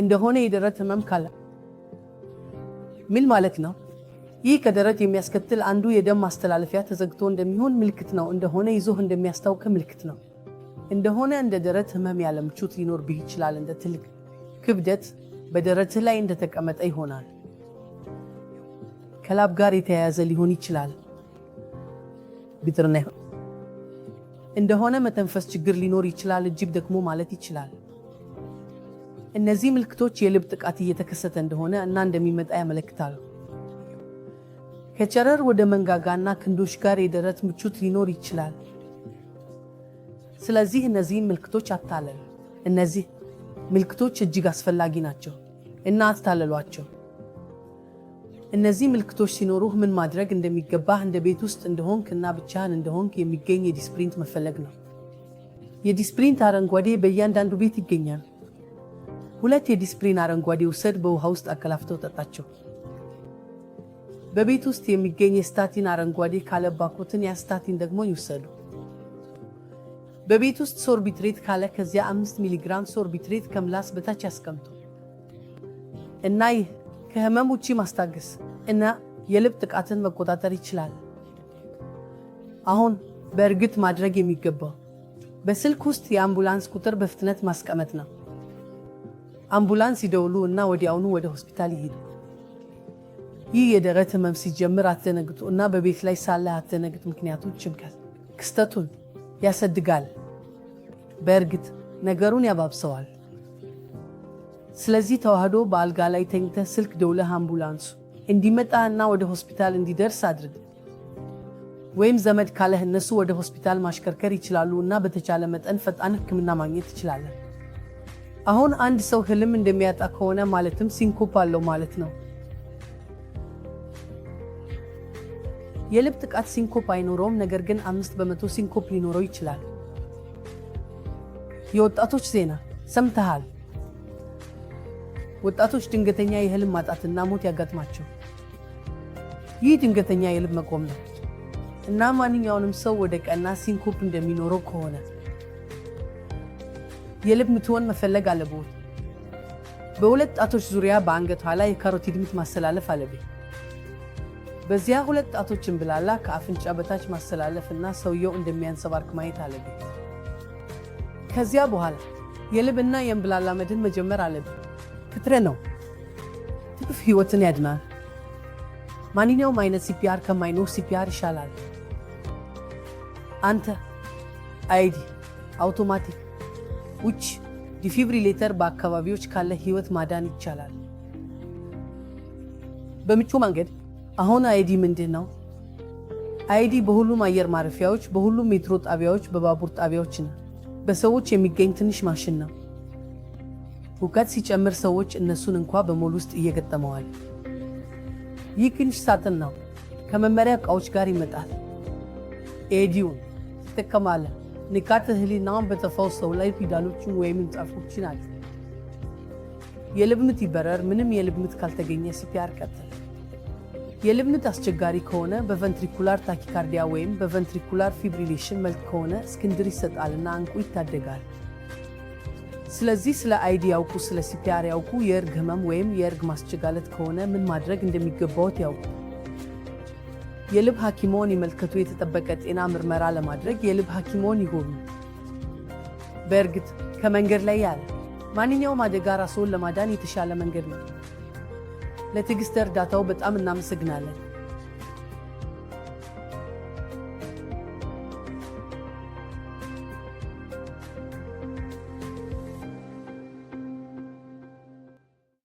እንደሆነ የደረት ህመም ካለ ምን ማለት ነው? ይህ ከደረት የሚያስከትል አንዱ የደም ማስተላለፊያ ተዘግቶ እንደሚሆን ምልክት ነው። እንደሆነ ይዞህ እንደሚያስታውቅ ምልክት ነው። እንደሆነ እንደ ደረት ህመም ያለ ምቾት ብህ ይችላል። እንደ ትልቅ ክብደት በደረትህ ላይ እንደተቀመጠ ይሆናል። ከላብ ጋር የተያያዘ ሊሆን ይችላል። ብጥርና እንደሆነ መተንፈስ ችግር ሊኖር ይችላል። እጅብ ደግሞ ማለት ይችላል። እነዚህ ምልክቶች የልብ ጥቃት እየተከሰተ እንደሆነ እና እንደሚመጣ ያመለክታሉ። ከጨረር ወደ መንጋጋና ክንዶች ጋር የደረት ምቾት ሊኖር ይችላል። ስለዚህ እነዚህን ምልክቶች አታለሉ። እነዚህ ምልክቶች እጅግ አስፈላጊ ናቸው እና አታለሏቸው። እነዚህ ምልክቶች ሲኖሩህ ምን ማድረግ እንደሚገባህ፣ እንደ ቤት ውስጥ እንደሆንክ እና ብቻህን እንደሆንክ የሚገኝ የዲስፕሪንት መፈለግ ነው። የዲስፕሪንት አረንጓዴ በእያንዳንዱ ቤት ይገኛል። ሁለት የዲስፕሊን አረንጓዴ ውሰድ በውሃ ውስጥ አከላፍተው ጠጣቸው። በቤት ውስጥ የሚገኝ የስታቲን አረንጓዴ ካለ ባኮትን ያስታቲን ደግሞ ይውሰዱ። በቤት ውስጥ ሶርቢትሬት ካለ ከዚያ 5 ሚሊግራም ሶርቢትሬት ከምላስ በታች ያስቀምጡ እና ይህ ከህመም ውጪ ማስታገስ እና የልብ ጥቃትን መቆጣጠር ይችላል። አሁን በእርግጥ ማድረግ የሚገባው በስልክ ውስጥ የአምቡላንስ ቁጥር በፍጥነት ማስቀመጥ ነው። አምቡላንስ ይደውሉ እና ወዲያውኑ ወደ ሆስፒታል ይሄዱ። ይህ የደረት ህመም ሲጀምር አትደነግጡ እና በቤት ላይ ሳለ አትደነግጥ፣ ምክንያቱም ጭንቀት ክስተቱን ያሳድጋል፣ በእርግጥ ነገሩን ያባብሰዋል። ስለዚህ ተዋህዶ በአልጋ ላይ ተኝተህ ስልክ ደውለህ አምቡላንሱ እንዲመጣ እና ወደ ሆስፒታል እንዲደርስ አድርግ። ወይም ዘመድ ካለህ እነሱ ወደ ሆስፒታል ማሽከርከር ይችላሉ እና በተቻለ መጠን ፈጣን ህክምና ማግኘት ትችላለን። አሁን አንድ ሰው ህልም እንደሚያጣ ከሆነ ማለትም ሲንኮፕ አለው ማለት ነው። የልብ ጥቃት ሲንኮፕ አይኖረውም፣ ነገር ግን አምስት በመቶ ሲንኮፕ ሊኖረው ይችላል። የወጣቶች ዜና ሰምተሃል? ወጣቶች ድንገተኛ የህልም ማጣትና ሞት ያጋጥማቸው። ይህ ድንገተኛ የልብ መቆም ነው እና ማንኛውንም ሰው ወደ ቀና ሲንኮፕ እንደሚኖረው ከሆነ የልብ ምትሆን መፈለግ አለብዎት። በሁለት ጣቶች ዙሪያ በአንገቷ ላይ የካሮቲድ ምት ማስተላለፍ አለብኝ። በዚያ ሁለት ጣቶች እንብላላ ከአፍንጫ በታች ማስተላለፍ እና ሰውየው እንደሚያንጸባርቅ ማየት አለብኝ። ከዚያ በኋላ የልብና የእንብላላ መድን መጀመር አለብኝ። ክትረ ነው ትቅፍ ህይወትን ያድናል። ማንኛውም አይነት ሲፒአር ከማይኖር ሲፒአር ይሻላል። አንተ አይዲ አውቶማቲክ ውጭ ዲፊብሪሌተር በአካባቢዎች ካለ ህይወት ማዳን ይቻላል። በምቹ መንገድ አሁን አይዲ ምንድን ነው? አይዲ በሁሉም አየር ማረፊያዎች፣ በሁሉም ሜትሮ ጣቢያዎች፣ በባቡር ጣቢያዎችና በሰዎች የሚገኝ ትንሽ ማሽን ነው። ሁከት ሲጨምር ሰዎች እነሱን እንኳ በሞል ውስጥ እየገጠመዋል። ይህ ትንሽ ሳጥን ነው። ከመመሪያ ዕቃዎች ጋር ይመጣል። ኤዲውን ትጠቀማለህ። ንቃተ ህሊናውን በተፈውሰው ላይ ፊደሎችን ወይም ምንጣፎች ናቸው። የልብ ምት ይበረር። ምንም የልብ ምት ካልተገኘ ሲፒአር ቀጥል። የልብ ምት አስቸጋሪ ከሆነ በቨንትሪኩላር ታኪካርዲያ ወይም በቨንትሪኩላር ፊብሪሌሽን መልክ ከሆነ እስክንድር ይሰጣልና አንቁ ይታደጋል። ስለዚህ ስለ አይዲ ያውቁ፣ ስለ ሲፒአር ያውቁ። የእርግ ህመም ወይም የእርግ ማስቸጋለት ከሆነ ምን ማድረግ እንደሚገባዎት ያውቁ። የልብ ሐኪሞን ይመልከቱ። የተጠበቀ ጤና ምርመራ ለማድረግ የልብ ሐኪሞን ይጎብኙ። በእርግጥ ከመንገድ ላይ ያለ ማንኛውም አደጋ ራስዎን ለማዳን የተሻለ መንገድ ነው። ለትዕግሥት እርዳታው በጣም እናመሰግናለን።